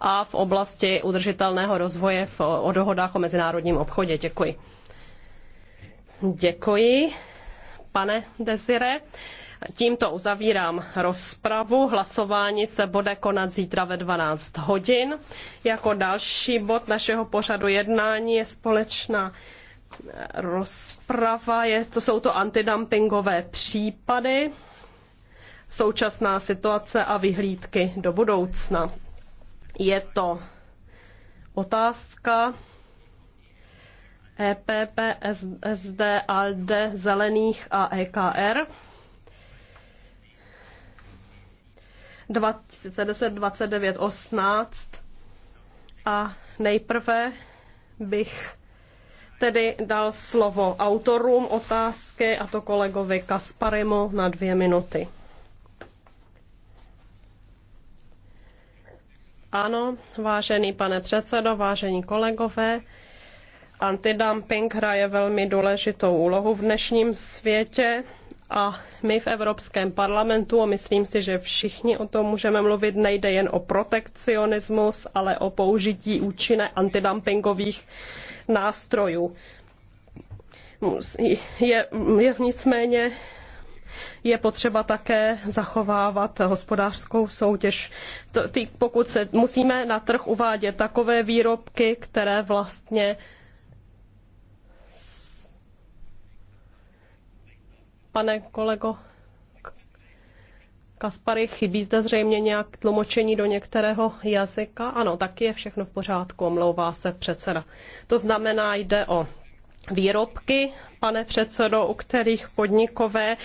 a v oblasti udržitelného rozvoje v, o dohodách o mezinárodním obchodě. Děkuji. Děkuji, pane Desire. Tímto uzavírám rozpravu. Hlasování se bude konat zítra ve 12 hodin. Jako další bod našeho pořadu jednání je společná rozprava. Je, to jsou to antidumpingové případy, současná situace a vyhlídky do budoucna. Je to otázka EPP, SD, ALD, Zelených a EKR. 2010, 2918 18. A nejprve bych tedy dal slovo autorům otázky, a to kolegovi Kasparimu na dvě minuty. Ano, vážený pane předsedo, vážení kolegové, antidumping hraje velmi důležitou úlohu v dnešním světě a my v Evropském parlamentu, a myslím si, že všichni o tom můžeme mluvit, nejde jen o protekcionismus, ale o použití účinné antidumpingových nástrojů. Je, je nicméně je potřeba také zachovávat hospodářskou soutěž. pokud se musíme na trh uvádět takové výrobky, které vlastně pane kolego Kaspary, chybí zde zřejmě nějak tlumočení do některého jazyka? Ano, tak je všechno v pořádku, omlouvá se předseda. To znamená, jde o výrobky, pane předsedo, u kterých podnikové,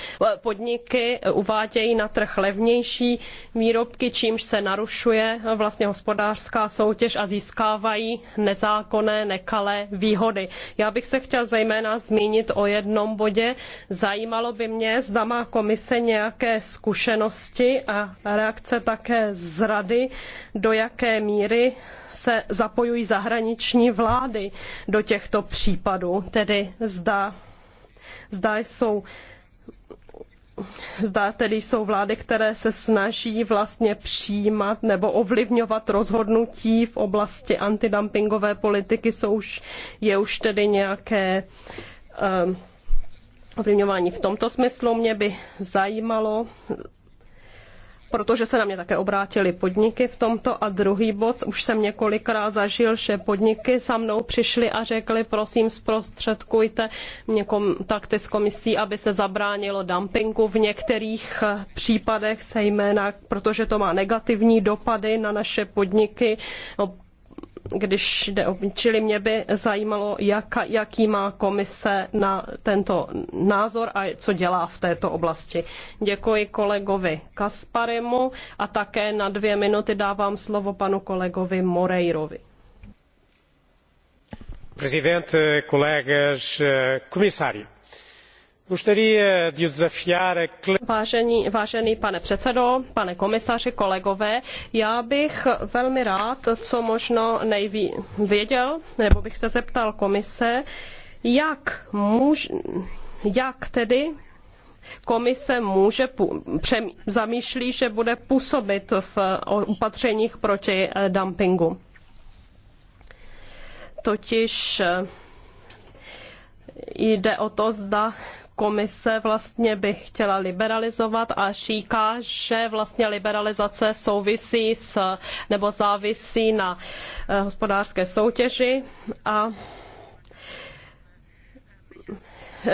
podniky uvádějí na trh levnější výrobky, čímž se narušuje vlastně hospodářská soutěž a získávají nezákonné, nekalé výhody. Já bych se chtěl zejména zmínit o jednom bodě. Zajímalo by mě, zda má komise nějaké zkušenosti a reakce také z rady, do jaké míry se zapojují zahraniční vlády do těchto případů, tedy zda, zda jsou Zda tedy jsou vlády, které se snaží vlastně přijímat nebo ovlivňovat rozhodnutí v oblasti antidumpingové politiky, jsou už, je už tedy nějaké um, ovlivňování. V tomto smyslu mě by zajímalo, protože se na mě také obrátily podniky v tomto a druhý bod, už jsem několikrát zažil, že podniky za mnou přišly a řekly, prosím zprostředkujte mě kontakty s komisí, aby se zabránilo dumpingu v některých eh, případech, zejména protože to má negativní dopady na naše podniky, no, když jde o... Čili mě by zajímalo, jaka, jaký má komise na tento názor a co dělá v této oblasti. Děkuji kolegovi Kasparimu a také na dvě minuty dávám slovo panu kolegovi Moreirovi. Prezident, kolegas, komisário vážený pane předsedo, pane komisaři, kolegové, já bych velmi rád, co možno nejví, věděl, nebo bych se zeptal komise, jak, jak tedy komise může přem, zamýšlí, že bude působit v opatřeních proti eh, dumpingu. Totiž eh, jde o to, zda komise vlastně by chtěla liberalizovat a říká, že vlastně liberalizace souvisí s, nebo závisí na eh, hospodářské soutěži a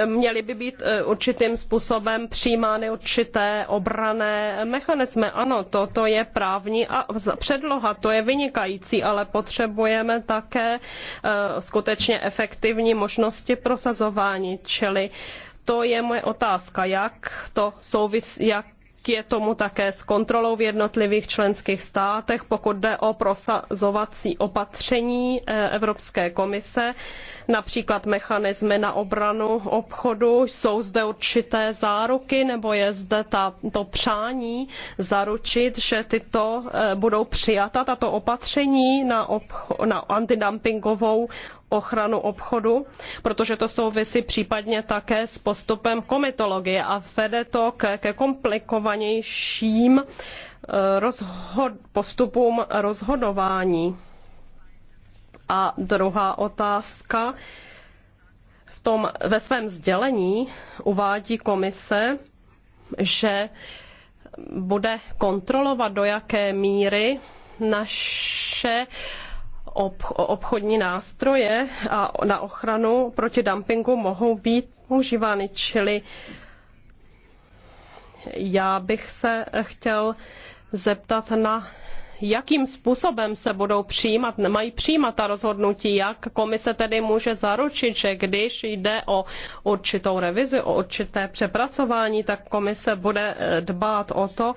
měly by být eh, určitým způsobem přijímány určité obrané mechanismy. Ano, toto je právní a předloha, to je vynikající, ale potřebujeme také eh, skutečně efektivní možnosti prosazování, čili uh, to je moje otázka, jak to souvisí, jak je tomu také s kontrolou v jednotlivých členských státech, pokud jde o prosazovací opatření eh, Evropské komise, například mechanismy na obranu obchodu, jsou zde určité záruky nebo je zde ta, to přání zaručit, že tyto eh, budou přijata, tato opatření na, obcho, na antidumpingovou ochranu obchodu, protože to souvisí případně také s postupem komitologie a vede to ke, ke komplikovanějším eh, rozhod, postupům rozhodování. A druhá otázka. V tom, ve svém sdělení uvádí komise, že bude kontrolovat, do jaké míry naše obchodní nástroje a na ochranu proti dumpingu mohou být používány, čili já bych se chtěl zeptat na jakým způsobem se budou přijímat, mají přijímat ta rozhodnutí, jak komise tedy může zaručit, že když jde o určitou revizi, o určité přepracování, tak komise bude eh, dbát o to,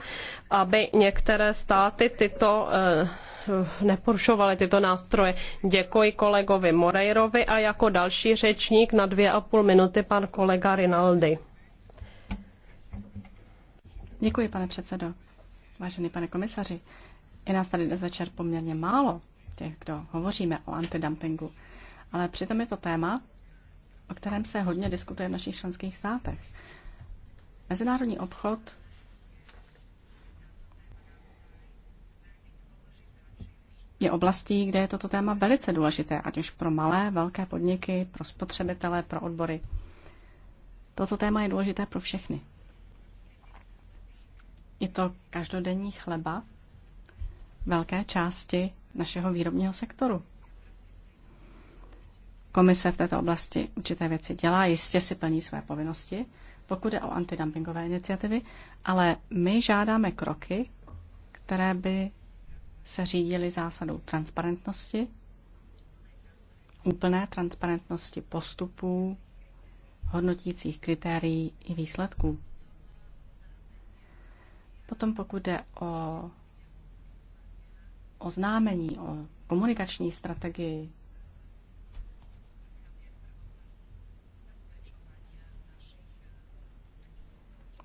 aby některé státy tyto eh, Eh, neporušovali tyto nástroje. Děkuji kolegovi Moreirovi a jako další řečník na dvě a půl minuty pan kolega Rinaldi. Děkuji, pane předsedo. Vážený pane komisaři, je nás tady dnes večer poměrně málo, těch, kdo hovoříme o antidumpingu, ale přitom je to téma, o kterém se hodně diskutuje v našich členských státech. Mezinárodní obchod je oblastí, kde je toto téma velice důležité, ať už pro malé, velké podniky, pro spotřebitele, pro odbory. Toto téma je důležité pro všechny. Je to každodenní chleba velké části našeho výrobního sektoru. Komise v této oblasti určité věci dělá, jistě si plní své povinnosti, pokud je o antidumpingové iniciativy, ale my žádáme kroky, které by se řídili zásadou transparentnosti, úplné transparentnosti postupů, hodnotících kritérií i výsledků. Potom pokud jde o oznámení, o komunikační strategii,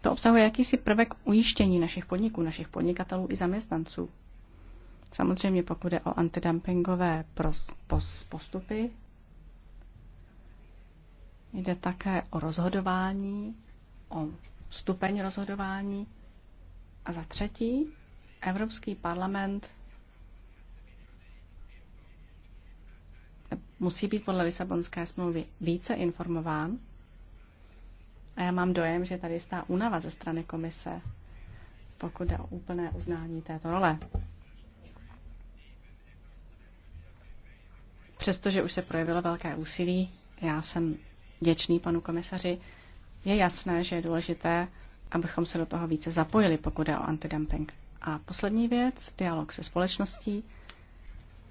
to obsahuje jakýsi prvek ujištění našich podniků, našich podnikatelů i zaměstnanců. Samozřejmě pokud je o antidumpingové postupy, jde také o rozhodování, o stupeň rozhodování. A za třetí, Evropský parlament musí být podle Lisabonské smlouvy více informován. A já mám dojem, že tady je stá únava ze strany komise, pokud jde o úplné uznání této role. přestože už se projevilo velké úsilí, já jsem děčný panu komisaři, je jasné, že je důležité, abychom se do toho více zapojili, pokud je o antidumping. A poslední věc, dialog se společností.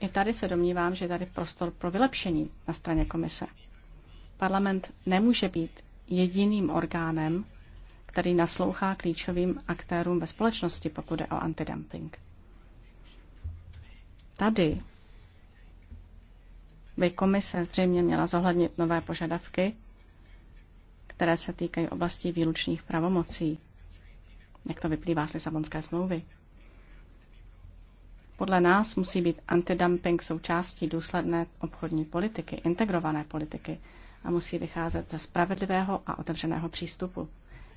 I tady se domnívám, že je tady prostor pro vylepšení na straně komise. Parlament nemůže být jediným orgánem, který naslouchá klíčovým aktérům ve společnosti, pokud je o antidumping. Tady by komise zřejmě měla zohlednit nové požadavky, které se týkají oblasti výlučných pravomocí, jak to vyplývá z Lisabonské smlouvy. Podle nás musí být antidumping součástí důsledné obchodní politiky, integrované politiky a musí vycházet ze spravedlivého a otevřeného přístupu.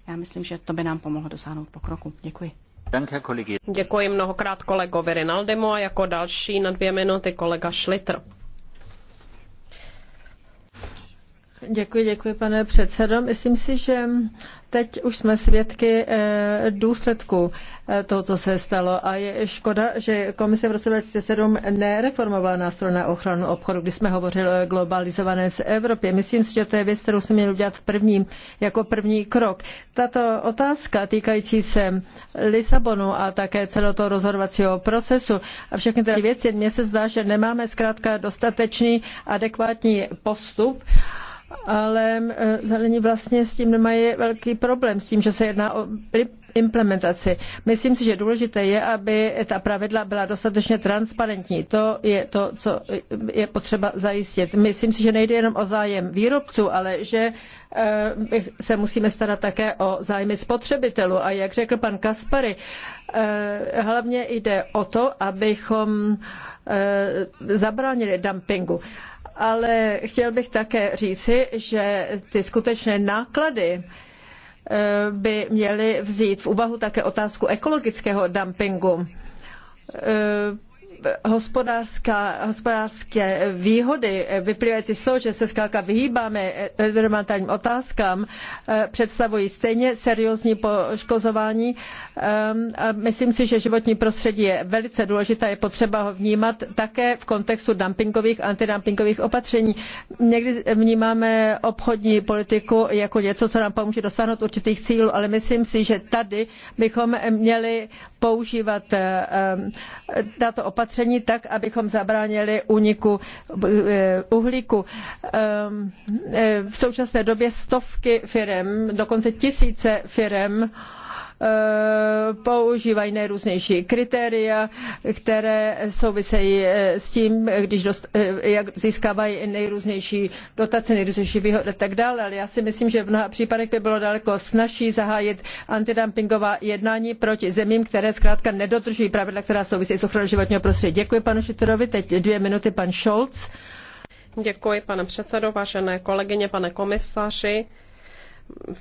Já myslím, že to by nám pomohlo dosáhnout pokroku. Děkuji. Děkuji mnohokrát kolegovi Rinaldimu a jako další na dvě minuty kolega Schlitter. Děkuji, děkuji, pane předsedo. Myslím si, že teď už jsme svědky eh, důsledku eh, toho, co se stalo. A je škoda, že komise v roce 2007 nereformovala nástroj na ochranu obchodu, když jsme hovořili o globalizované z Evropě. Myslím si, že to je věc, kterou jsme měli udělat v jako první krok. Tato otázka týkající se Lisabonu a také celého toho rozhodovacího procesu a všechny ty věci, mně se zdá, že nemáme zkrátka dostatečný adekvátní postup, ale eh, zelení vlastně s tím nemají velký problém, s tím, že se jedná o implementaci. Myslím si, že důležité je, aby ta pravidla byla dostatečně transparentní. To je to, co eh, je potřeba zajistit. Myslím si, že nejde jenom o zájem výrobců, ale že eh, se musíme starat také o zájmy spotřebitelů. A jak řekl pan Kaspary, hlavně jde o to, abychom zabránili dumpingu ale chtěl bych také říci, že ty skutečné náklady eh, by měly vzít v úvahu také otázku ekologického dumpingu eh, hospodářské výhody vyplývající z toho, že se zkrátka vyhýbáme environmentálním otázkám, eh, představují stejně seriózní poškozování. Eh, myslím si, že životní prostředí je velice důležité, je potřeba ho vnímat také v kontextu dumpingových, antidumpingových opatření. Někdy vnímáme obchodní politiku jako něco, co nám pomůže dosáhnout určitých cílů, ale myslím si, že tady bychom měli používat eh, tato opatření opatření tak, abychom zabránili úniku eh, uhlíku. Ehm, eh, v současné době stovky firm, dokonce tisíce firm, Eh, používají nejrůznější kritéria, které souvisejí eh, s tím, když dost, eh, jak získávají nejrůznější dotace, nejrůznější výhody a tak dále. Ale já si myslím, že v mnoha případech by bylo daleko snažší zahájit antidumpingová jednání proti zemím, které zkrátka nedodržují pravidla, která souvisí s ochranou životního prostředí. Děkuji panu Šitorovi. Teď dvě minuty pan Scholz. Děkuji, pane předsedo, vážené kolegyně, pane komisaři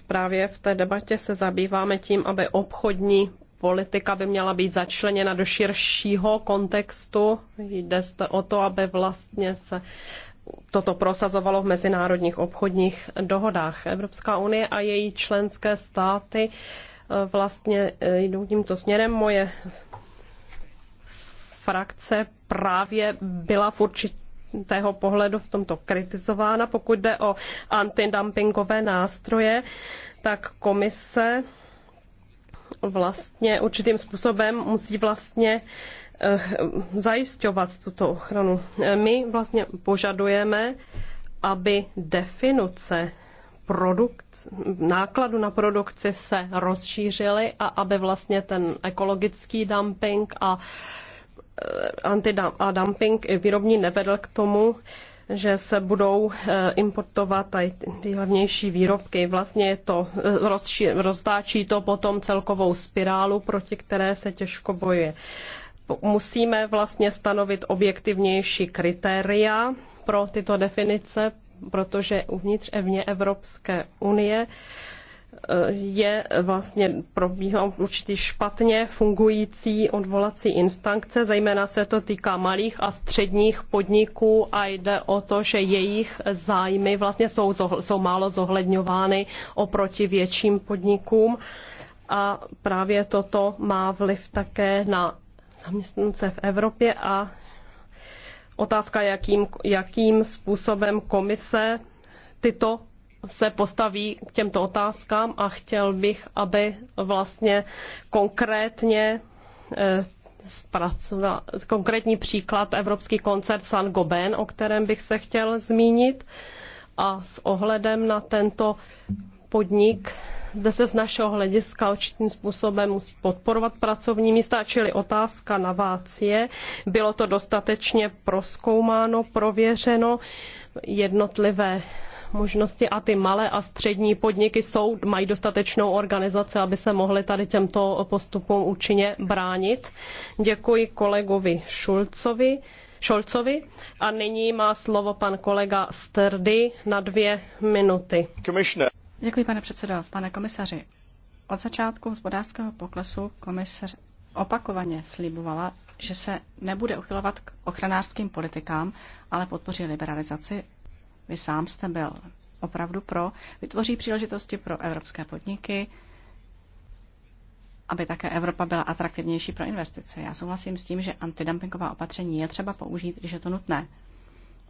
právě v té debatě se zabýváme tím, aby obchodní politika by měla být začleněna do širšího kontextu. Jde o to, aby vlastně se toto prosazovalo v mezinárodních obchodních dohodách. Evropská unie a její členské státy eh, vlastně eh, jdou tímto směrem. Moje frakce právě byla v určitě tého pohledu v tomto kritizována. Pokud jde o antidumpingové nástroje, tak komise vlastně určitým způsobem musí vlastně eh, zajišťovat tuto ochranu. My vlastně požadujeme, aby definice produkt, nákladu na produkci se rozšířily a aby vlastně ten ekologický dumping a uh, Eh, a dumping výrobní nevedl k tomu, že se budou eh, importovat tady ty hlavnější výrobky. Vlastně je to, eh, roztáčí to potom celkovou spirálu, proti které se těžko bojuje. Musíme vlastně stanovit objektivnější kritéria pro tyto definice, protože uvnitř Evropské unie je vlastně probíhá určitý špatně fungující odvolací instance, zejména se to týká malých a středních podniků a jde o to, že jejich zájmy vlastně jsou, jsou málo zohledňovány oproti větším podnikům a právě toto má vliv také na zaměstnance v Evropě a otázka, jakým, jakým způsobem komise tyto se postaví k těmto otázkám a chtěl bych, aby vlastně konkrétně eh, zpracoval konkrétní příklad Evropský koncert San Goben, o kterém bych se chtěl zmínit. A s ohledem na tento podnik zde se z našeho hlediska určitým způsobem musí podporovat pracovní místa, čili otázka na vás je, bylo to dostatečně proskoumáno, prověřeno, jednotlivé možnosti a ty malé a střední podniky jsou, mají dostatečnou organizaci, aby se mohly tady těmto postupům účinně bránit. Děkuji kolegovi Šulcovi. Šolcovi a nyní má slovo pan kolega Sterdy na dvě minuty. Děkuji, pane předsedo. Pane komisaři, od začátku hospodářského poklesu komisař opakovaně slibovala, že se nebude uchylovat k ochranářským politikám, ale podpoří liberalizaci vy sám jste byl opravdu pro, vytvoří příležitosti pro evropské podniky, aby také Evropa byla atraktivnější pro investice. Já souhlasím s tím, že antidumpingová opatření je třeba použít, když je to nutné.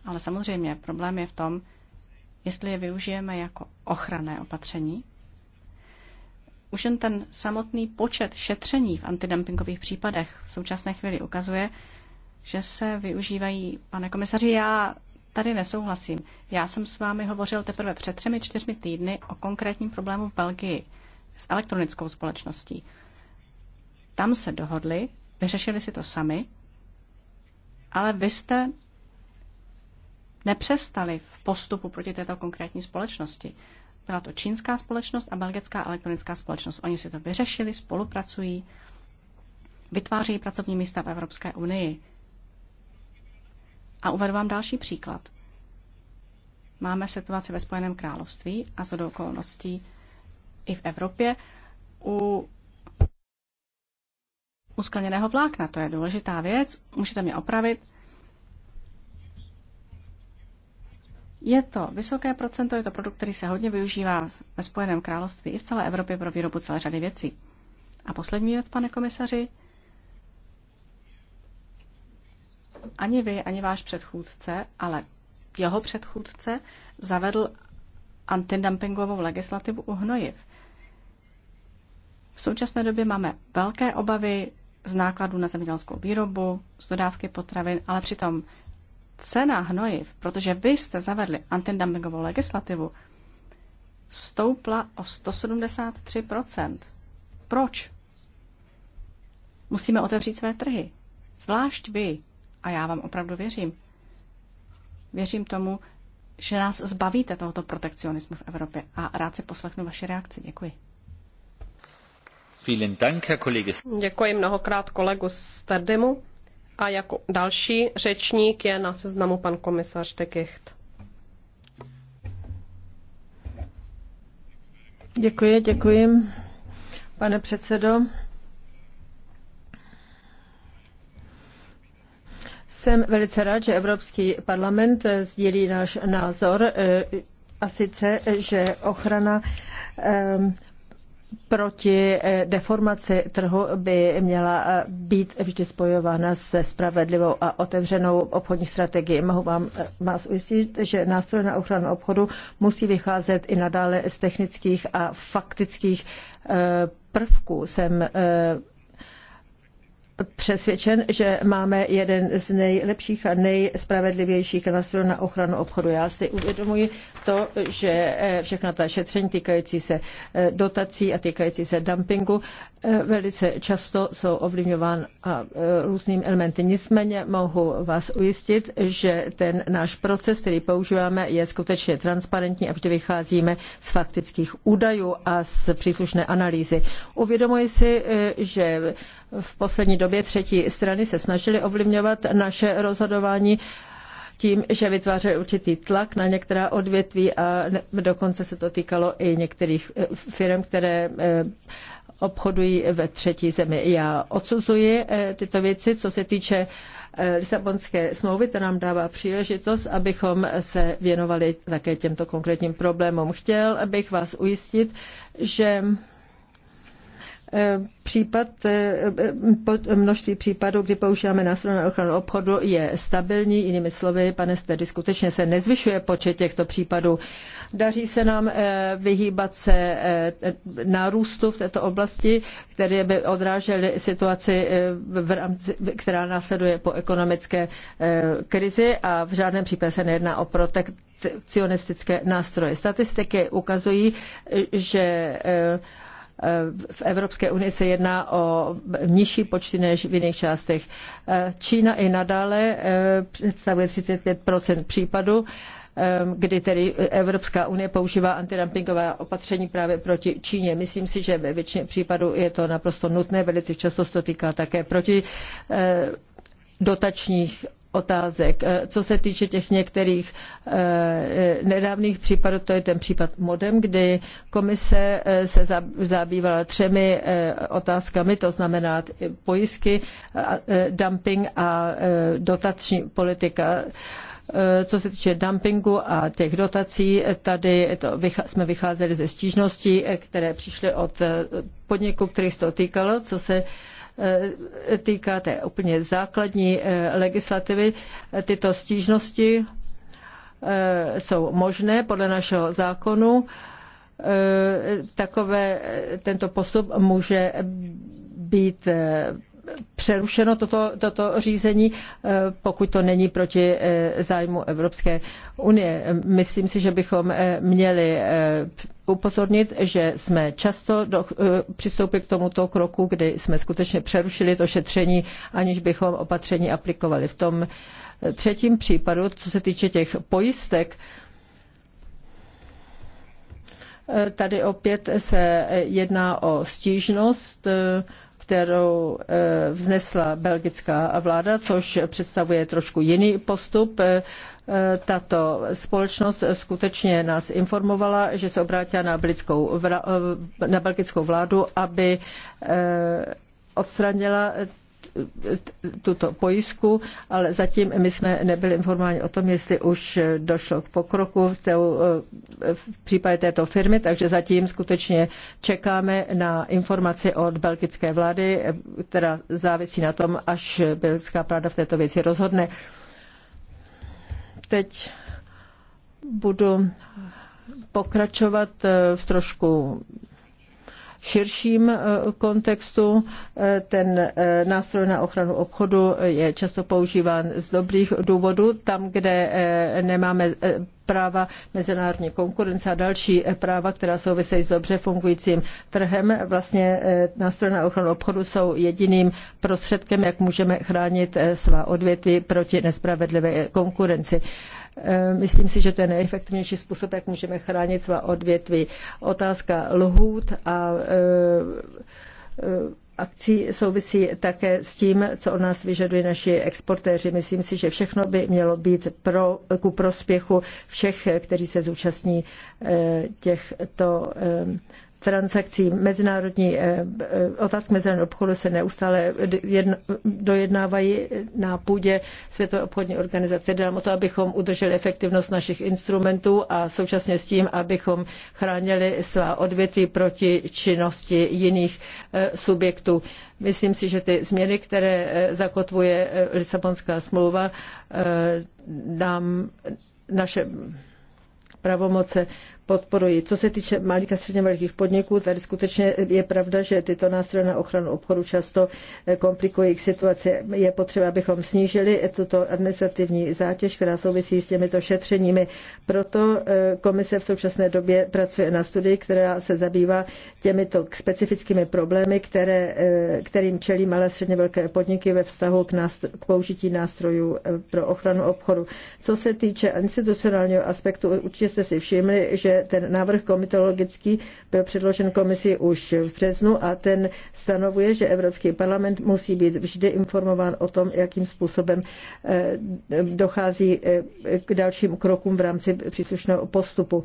Ale samozřejmě problém je v tom, jestli je využijeme jako ochranné opatření. Už jen ten samotný počet šetření v antidumpingových případech v současné chvíli ukazuje, že se využívají, pane komisaři, já Tady nesouhlasím. Já jsem s vámi hovořil teprve před třemi čtyřmi týdny o konkrétním problému v Belgii s elektronickou společností. Tam se dohodli, vyřešili si to sami, ale vy jste nepřestali v postupu proti této konkrétní společnosti. Byla to čínská společnost a belgická elektronická společnost. Oni si to vyřešili, spolupracují, vytváří pracovní místa v Evropské unii. A uvedu vám další příklad. Máme situaci ve Spojeném království a z okolností i v Evropě u uskleněného vlákna. To je důležitá věc, můžete mě opravit. Je to vysoké procento, je to produkt, který se hodně využívá ve Spojeném království i v celé Evropě pro výrobu celé řady věcí. A poslední věc, pane komisaři, ani vy, ani váš předchůdce, ale jeho předchůdce zavedl antidumpingovou legislativu u hnojiv. V současné době máme velké obavy z nákladů na zemědělskou výrobu, z dodávky potravin, ale přitom cena hnojiv, protože vy jste zavedli antidumpingovou legislativu, stoupla o 173 Proč? Musíme otevřít své trhy. Zvlášť vy, a já vám opravdu věřím. Věřím tomu, že nás zbavíte tohoto protekcionismu v Evropě a rád se poslechnu vaše reakce. Děkuji. Děkuji mnohokrát kolegu Sterdemu. A jako další řečník je na seznamu pan komisař de Kicht. Děkuji, děkuji, pane předsedo. Jsem velice rád, že Evropský parlament sdílí náš názor eh, a sice, že ochrana ehm, proti eh, deformaci trhu by měla eh, být vždy spojována se spravedlivou a otevřenou obchodní strategií. Mohu vám vás ujistit, že nástroj na ochranu obchodu musí vycházet i nadále z technických a faktických prvků. Jsem přesvědčen, že máme jeden z nejlepších a nejspravedlivějších nástrojů na ochranu obchodu. Já si uvědomuji to, že eh, všechna ta šetření týkající se eh, dotací a týkající se dumpingu Eh, velice často jsou ovlivňován eh, různými elementy. Nicméně mohu vás ujistit, že ten náš proces, který používáme, je skutečně transparentní a vždy vycházíme z faktických údajů a z příslušné analýzy. Uvědomuji si, eh, že v poslední době třetí strany se snažily ovlivňovat naše rozhodování tím, že vytvářely určitý tlak na některá odvětví a dokonce se to týkalo i některých eh, firm, které eh, obchodují ve třetí zemi. Já odsuzuji eh, tyto věci, co se týče Lisabonské smlouvy, to nám dává příležitost, abychom se věnovali také těmto konkrétním problémům. Chtěl bych vás ujistit, že Eh, případ, eh, eh, množství případů, kdy používáme nástroj na ochranu obchodu, je stabilní. Jinými slovy, pane Stedy, skutečně se nezvyšuje počet těchto případů. Daří se nám vyhýbat se nárůstu v této oblasti, které by odrážely situaci, v rámci, která následuje po ekonomické krizi a v žádném případě se nejedná o protekcionistické nástroje. Statistiky ukazují, že Eh, v Evropské unii se jedná o nižší počty než v jiných částech. Eh, Čína i nadále eh, představuje 35 případů, kdy tedy Evropská unie používá antidumpingová opatření právě proti Číně. Myslím si, že ve většině případů je to naprosto nutné, velice často se to týká také proti dotačních otázek. Eh, co se týče těch některých eh, nedávných případů, to je ten případ modem, kdy komise eh, se zabývala třemi otázkami, to znamená pojistky, dumping a dotační politika. Co se týče dumpingu a těch dotací, tady to jsme vycházeli ze stížností, které přišly od podniků, kterých se to týkalo. Co se Eh, týká té úplně základní eh, legislativy. Tyto stížnosti eh, jsou možné podle našeho zákonu. Takové, tento postup může být přerušeno toto, toto řízení, eh, pokud to není proti eh, zájmu Evropské unie. Myslím si, že bychom eh, měli upozornit, že jsme často do, přistoupili k tomuto kroku, kdy jsme skutečně přerušili to šetření, aniž bychom opatření aplikovali. V tom třetím případu, co se týče těch pojistek, tady opět se jedná o stížnost kterou eh, vznesla belgická vláda, což představuje trošku jiný postup. Eh, tato společnost skutečně nás informovala, že se obrátila na, eh, na belgickou vládu, aby odstranila tuto pojistku, ale zatím my jsme nebyli informováni o tom, jestli už došlo k pokroku v, té, v případě této firmy, takže zatím skutečně čekáme na informaci od belgické vlády, která závisí na tom, až belgická vláda v této věci rozhodne. Teď budu pokračovat v trošku širším e, kontextu. E, ten e, nástroj na ochranu obchodu je často používán z dobrých důvodů. Tam, kde nemáme práva mezinárodní konkurence a další práva, která souvisejí s dobře fungujícím trhem. Vlastně nástroje na ochranu obchodu jsou jediným prostředkem, jak můžeme chránit svá odvětví proti nespravedlivé konkurenci. Eh, myslím si, že to je nejefektivnější způsob, jak můžeme chránit svá odvětví. Otázka lhůt a eh, eh, akcí souvisí také s tím, co od nás vyžadují naši exportéři. Myslím si, že všechno by mělo být pro, ku prospěchu všech, kteří se zúčastní těchto transakcí mezinárodní, eh, eh, otázky mezinárodního obchodu se neustále dojednávají na půdě Světové obchodní organizace. Jde o to, abychom udrželi efektivnost našich instrumentů a současně s tím, abychom chránili svá odvětví proti činnosti jiných eh, subjektů. Myslím si, že ty změny, které zakotvuje Lisabonská smlouva, nám naše pravomoce podporuji. Co se týče malých a středně velkých podniků, tady skutečně je pravda, že tyto nástroje na ochranu obchodu často eh, komplikují jejich situaci. Je potřeba, abychom snížili eh, tuto administrativní zátěž, která souvisí s těmito šetřeními. Proto eh, komise v současné době pracuje na studii, která se zabývá těmito specifickými problémy, které, kterým čelí malé a středně velké podniky ve vztahu k, nástro- k použití nástrojů pro ochranu obchodu. Co se týče institucionálního aspektu, určitě jste si všimli, že ten návrh komitologický byl předložen komisi už v březnu a ten stanovuje, že Evropský parlament musí být vždy informován o tom, jakým způsobem eh, dochází eh, k dalším krokům v rámci příslušného postupu.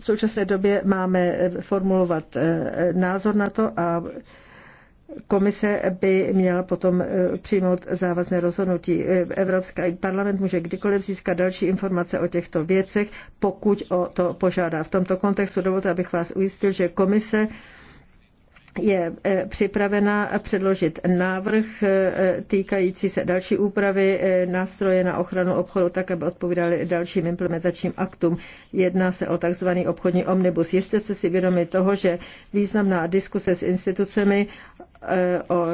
V současné době máme formulovat eh, názor na to a Komise by měla potom e, přijmout závazné rozhodnutí. E, Evropský parlament může kdykoliv získat další informace o těchto věcech, pokud o to požádá. V tomto kontextu dovolte, abych vás ujistil, že komise je e, připravena předložit návrh týkající se další úpravy nástroje na ochranu obchodu, tak aby odpovídali dalším implementačním aktům. Jedná se o tzv. obchodní omnibus. Jistě jste si vědomi toho, že významná diskuse s institucemi o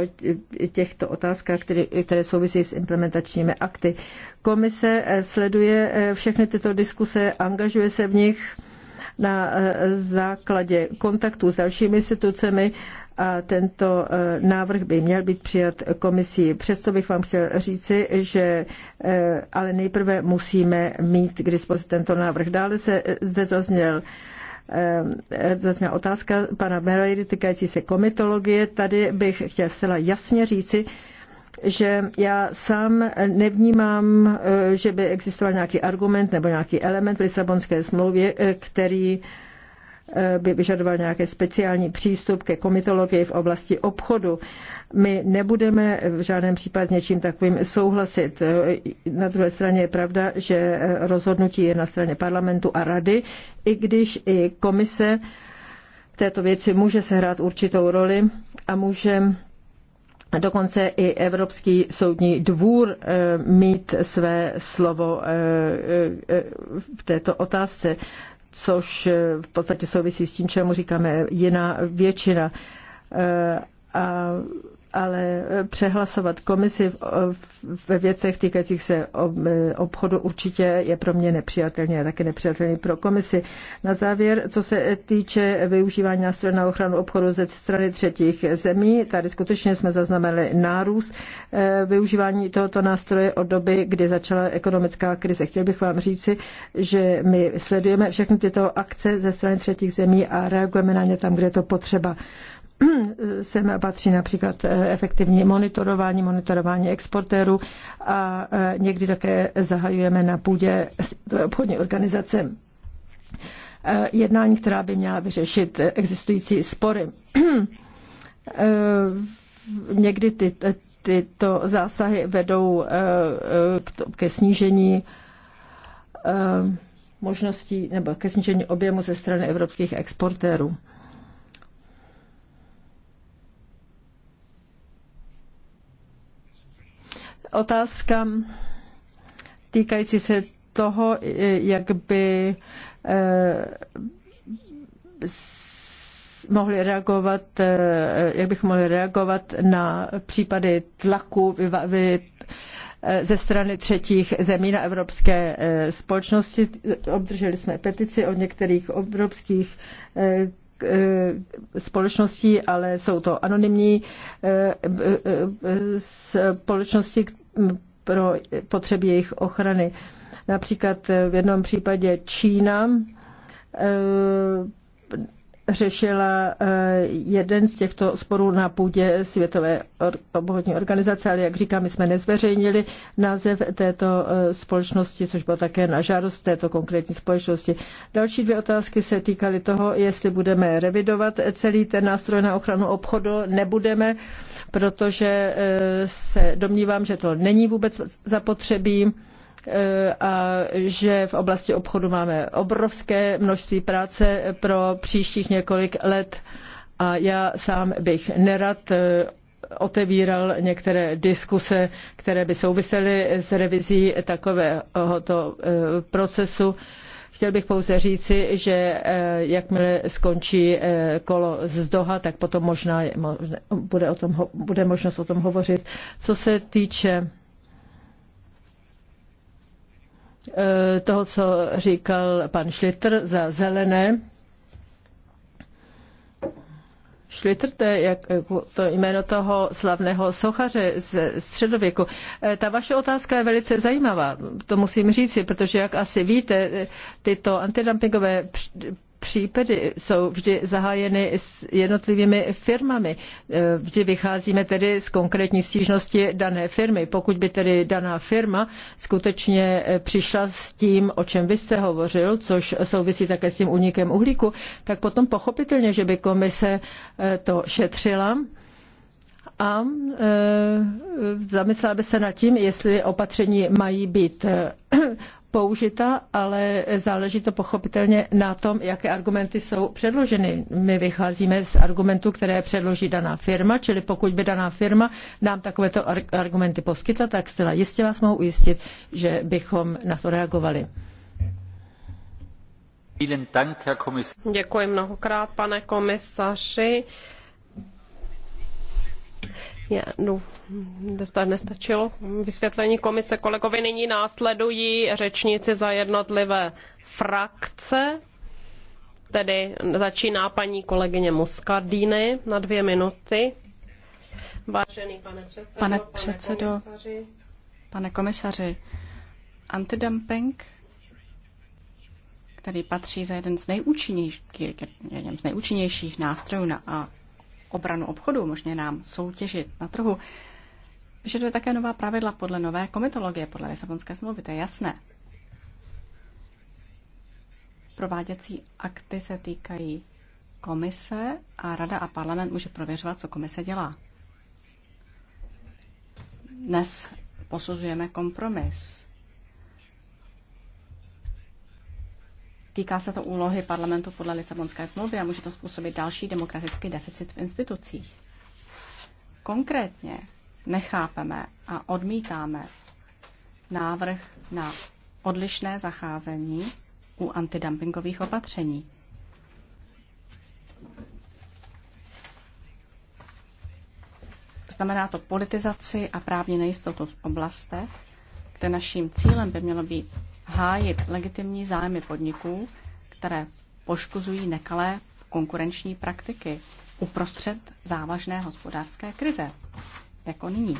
těchto otázkách, které, které souvisí s implementačními akty. Komise eh, sleduje eh, všechny tyto diskuse, angažuje se v nich na eh, základě kontaktů s dalšími institucemi a tento návrh by měl být přijat komisí. Přesto bych vám chtěl říci, že ale nejprve musíme mít k dispozici tento návrh. Dále se zde zazněl Ehm, e, zazněla otázka pana Meroidy týkající se komitologie. Tady bych chtěla zcela jasně říci, že já sám nevnímám, e, že by existoval nějaký argument nebo nějaký element v Lisabonské smlouvě, e, který by vyžadoval nějaký speciální přístup ke komitologii v oblasti obchodu. My nebudeme v žádném případě s něčím takovým souhlasit. Na druhé straně je pravda, že rozhodnutí je na straně parlamentu a rady, i když i komise v této věci může sehrát určitou roli a může dokonce i Evropský soudní dvůr eh, mít své slovo eh, eh, v této otázce, což v podstatě souvisí s tím, čemu říkáme jiná většina. A ale eh, přehlasovat komisi eh, ve věcech týkajících se eh, obchodu určitě je pro mě nepřijatelný a také nepřijatelný pro komisi. Na závěr, co se týče využívání nástrojů na ochranu obchodu ze strany třetích zemí, tady skutečně jsme zaznamenali nárůst využívání tohoto nástroje od doby, kdy začala ekonomická krize. Chtěl bych vám říci, že my sledujeme všechny tyto akce ze strany třetích zemí a reagujeme na ně tam, kde je to potřeba. sem patří například eh, efektivní monitorování, monitorování exportérů a eh, někdy také zahajujeme na půdě obchodní organizace eh, jednání, která by měla vyřešit existující spory. někdy ty, tyto zásahy vedou ke snížení možností nebo ke snížení objemu ze strany evropských exportérů. Otázka týkající se toho, jak by eh, mohli reagovat, eh, jak bych mohli reagovat na případy tlaku eh, ze strany třetích zemí na evropské společnosti. Obdrželi jsme petici od některých evropských společností, ale jsou to anonymní společnosti, pro potřeby jejich ochrany. Například v jednom případě Čína eh, řešila eh, jeden z těchto sporů na půdě Světové obchodní organizace, ale jak říkám, my jsme nezveřejnili název této eh, společnosti, což bylo také na žádost této konkrétní společnosti. Další dvě otázky se týkaly toho, jestli budeme revidovat celý ten nástroj na ochranu obchodu, nebudeme. Uh, protože eh, se domnívám, že to není vůbec zapotřebí eh, a že v oblasti obchodu máme obrovské množství práce pro příštích několik let a já sám bych nerad eh, otevíral některé diskuse, které by souvisely s revizí takovéhoto procesu. Chtěl bych pouze říci, že eh, jakmile skončí eh, kolo z Doha, tak potom možná bude, o tom, bude možnost o tom hovořit. Co se týče eh, toho, co říkal pan Šlitr za zelené, Šlitrte, jak to jméno toho slavného sochaře z středověku. E, ta vaše otázka je velice zajímavá, to musím říci, protože jak asi víte, e, tyto antidumpingové případy jsou vždy zahájeny s jednotlivými firmami. Eh, vždy vycházíme tedy z konkrétní stížnosti dané firmy. Pokud by tedy daná firma skutečně eh, přišla s tím, o čem vy jste hovořil, což souvisí také s tím únikem uhlíku, tak potom pochopitelně, že by komise eh, to šetřila a e, zamyslela by se nad tím, jestli opatření mají být použita, ale záleží to pochopitelně na tom, jaké argumenty jsou předloženy. My vycházíme z argumentů, které předloží daná firma, čili pokud by daná firma nám takovéto argumenty poskytla, tak zcela jistě vás mohu ujistit, že bychom na to reagovali. Děkuji mnohokrát, pane komisaři je, no, nestačilo vysvětlení komise. Kolegovi nyní následují řečníci za jednotlivé frakce. Tedy začíná paní kolegyně Muscardini na dvě minuty. Vážený pane předsedo, pane, předsedo, pane komisaři, pane komisaři antidumping který patří za jeden z nejúčinnějších, jedním z nejúčinnějších nástrojů na obranu obchodu, možně nám soutěžit na trhu, vyžaduje také nová pravidla podle nové komitologie, podle Lisabonské smlouvy, to je jasné. Prováděcí akty se týkají komise a rada a parlament může prověřovat, co komise dělá. Dnes posuzujeme kompromis Týká se to úlohy parlamentu podle Lisabonské smlouvy a může to způsobit další demokratický deficit v institucích. Konkrétně nechápeme a odmítáme návrh na odlišné zacházení u antidumpingových opatření. Znamená to politizaci a právní nejistotu v oblastech, kde naším cílem by mělo být hájit legitimní zájmy podniků, které poškozují nekalé konkurenční praktiky uprostřed závažné hospodářské krize, jako nyní.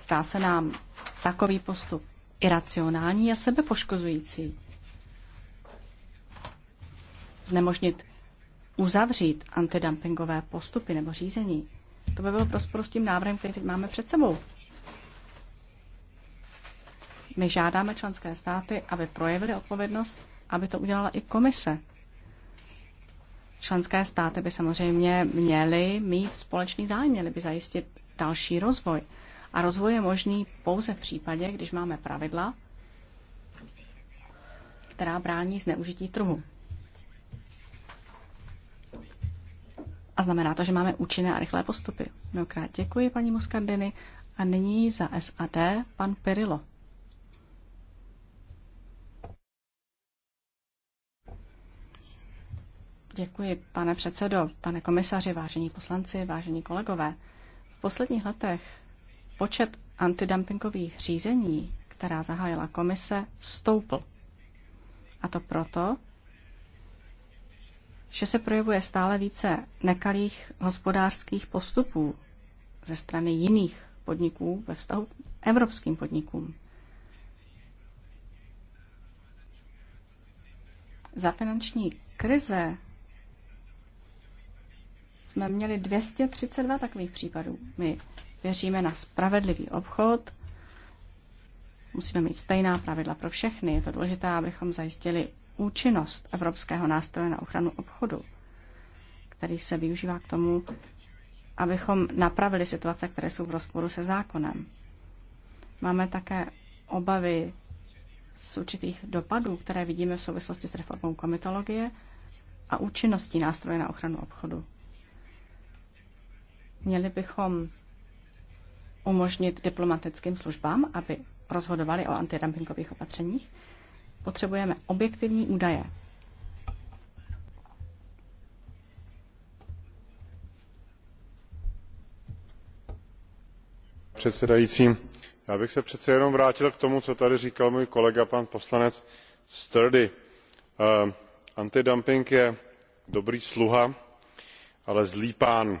Zdá se nám takový postup iracionální a sebepoškozující. Znemožnit uzavřít antidumpingové postupy nebo řízení. To by bylo prostě s tím návrhem, který teď máme před sebou. My žádáme členské státy, aby projevily odpovědnost, aby to udělala i komise. Členské státy by samozřejmě měly mít společný zájem, měly by zajistit další rozvoj. A rozvoj je možný pouze v případě, když máme pravidla, která brání zneužití trhu. A znamená to, že máme účinné a rychlé postupy. Mnohokrát děkuji paní Muscardini a nyní za SAD pan Perilo. Děkuji, pane předsedo, pane komisaři, vážení poslanci, vážení kolegové. V posledních letech počet antidumpingových řízení, která zahájila komise, stoupl. A to proto, že se projevuje stále více nekalých hospodářských postupů ze strany jiných podniků ve vztahu k evropským podnikům. Za finanční krize jsme měli 232 takových případů. My věříme na spravedlivý obchod, musíme mít stejná pravidla pro všechny. Je to důležité, abychom zajistili účinnost Evropského nástroje na ochranu obchodu, který se využívá k tomu, abychom napravili situace, které jsou v rozporu se zákonem. Máme také obavy z určitých dopadů, které vidíme v souvislosti s reformou komitologie a účinností nástroje na ochranu obchodu. Měli bychom umožnit diplomatickým službám, aby rozhodovali o antidumpingových opatřeních. Potřebujeme objektivní údaje. předsedající já bych se přece jenom vrátil k tomu co tady říkal můj kolega pan poslanec sturdy. Eh, antidumping je dobrý sluha ale zlý pán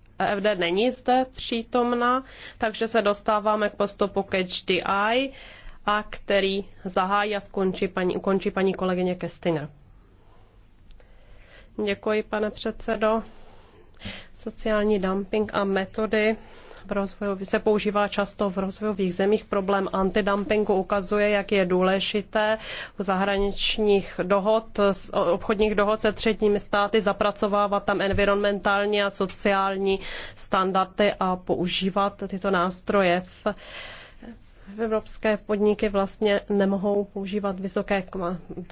EFD není zde přítomna, takže se dostáváme k postupu k HDI, a který zahájí a skončí paní, ukončí paní kolegyně Kestinger. Děkuji, pane předsedo. Sociální dumping a metody v se používá často v rozvojových zemích. Problém antidumpingu ukazuje, jak je důležité u zahraničních dohod, obchodních dohod se třetími státy zapracovávat tam environmentální a sociální standardy a používat tyto nástroje v Evropské podniky vlastně nemohou používat vysoké,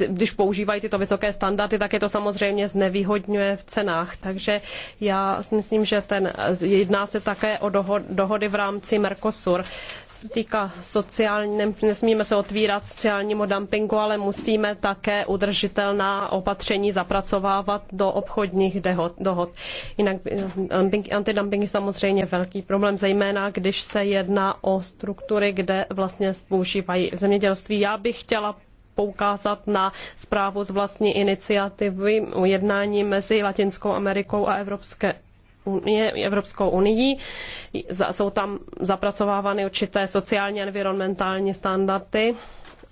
když používají tyto vysoké standardy, tak je to samozřejmě znevýhodňuje v cenách. Takže já si myslím, že ten, jedná se také o dohody v rámci Mercosur. Co se týká sociální, nesmíme se otvírat sociálnímu dumpingu, ale musíme také udržitelná opatření zapracovávat do obchodních dehod, dohod. Jinak antidumping je samozřejmě velký problém, zejména když se jedná o struktury, kde vlastně používají v zemědělství. Já bych chtěla poukázat na zprávu z vlastní iniciativy o jednání mezi Latinskou Amerikou a Evropské unie, Evropskou unii. Jsou tam zapracovávány určité sociální a environmentální standardy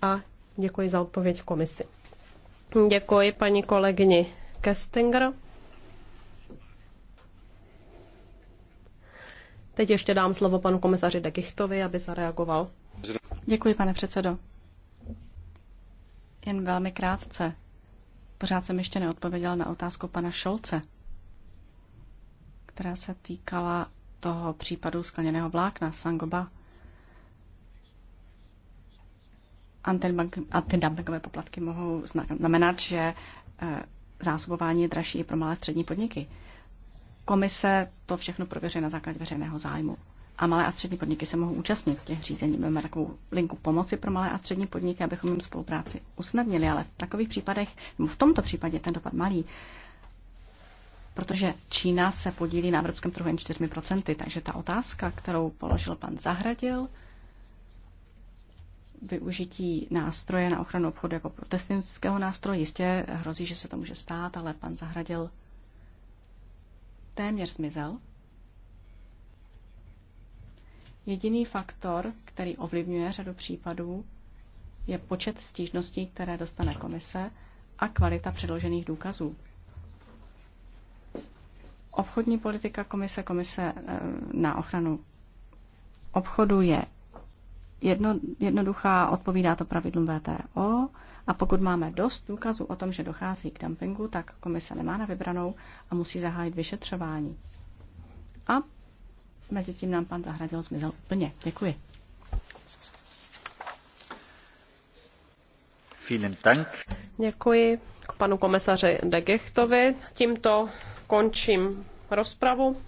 a děkuji za odpověď komisi. Děkuji paní kolegyni Kestinger. Teď ještě dám slovo panu komisaři Degichtovi, aby zareagoval. Děkuji, pane předsedo. Jen velmi krátce. Pořád jsem ještě neodpověděl na otázku pana Šolce, která se týkala toho případu skleněného vlákna Sangoba. Antidumpingové poplatky mohou znamenat, že eh, zásobování je dražší i pro malé střední podniky. Komise to všechno prověřuje na základě veřejného zájmu. A malé a střední podniky se mohou účastnit těch řízení. Máme takovou linku pomoci pro malé a střední podniky, abychom jim spolupráci usnadnili, ale v takových případech, nebo v tomto případě ten dopad malý, protože Čína se podílí na evropském trhu jen 4%, takže ta otázka, kterou položil pan Zahradil, využití nástroje na ochranu obchodu jako protestnického nástroje. Jistě hrozí, že se to může stát, ale pan Zahradil téměř zmizel. Jediný faktor, který ovlivňuje řadu případů, je počet stížností, které dostane komise a kvalita předložených důkazů. Obchodní politika komise, komise eh, na ochranu obchodu je jedno, jednoduchá, odpovídá to pravidlům VTO a pokud máme dost důkazů o tom, že dochází k dumpingu, tak komise nemá na vybranou a musí zahájit vyšetřování. A mezi tím nám pan Zahradil zmizel úplně. Děkuji. Děkuji k panu komisaři De Tímto končím rozpravu.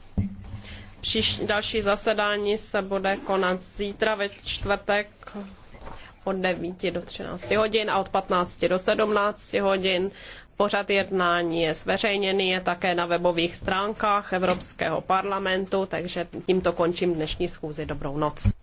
Příš, další zasedání se bude konat zítra ve čtvrtek od 9 do 13 hodin a od 15 do 17 hodin. Pořad jednání je zveřejněný, je také na webových stránkách Evropského parlamentu, takže tímto končím dnešní schůzi. Dobrou noc.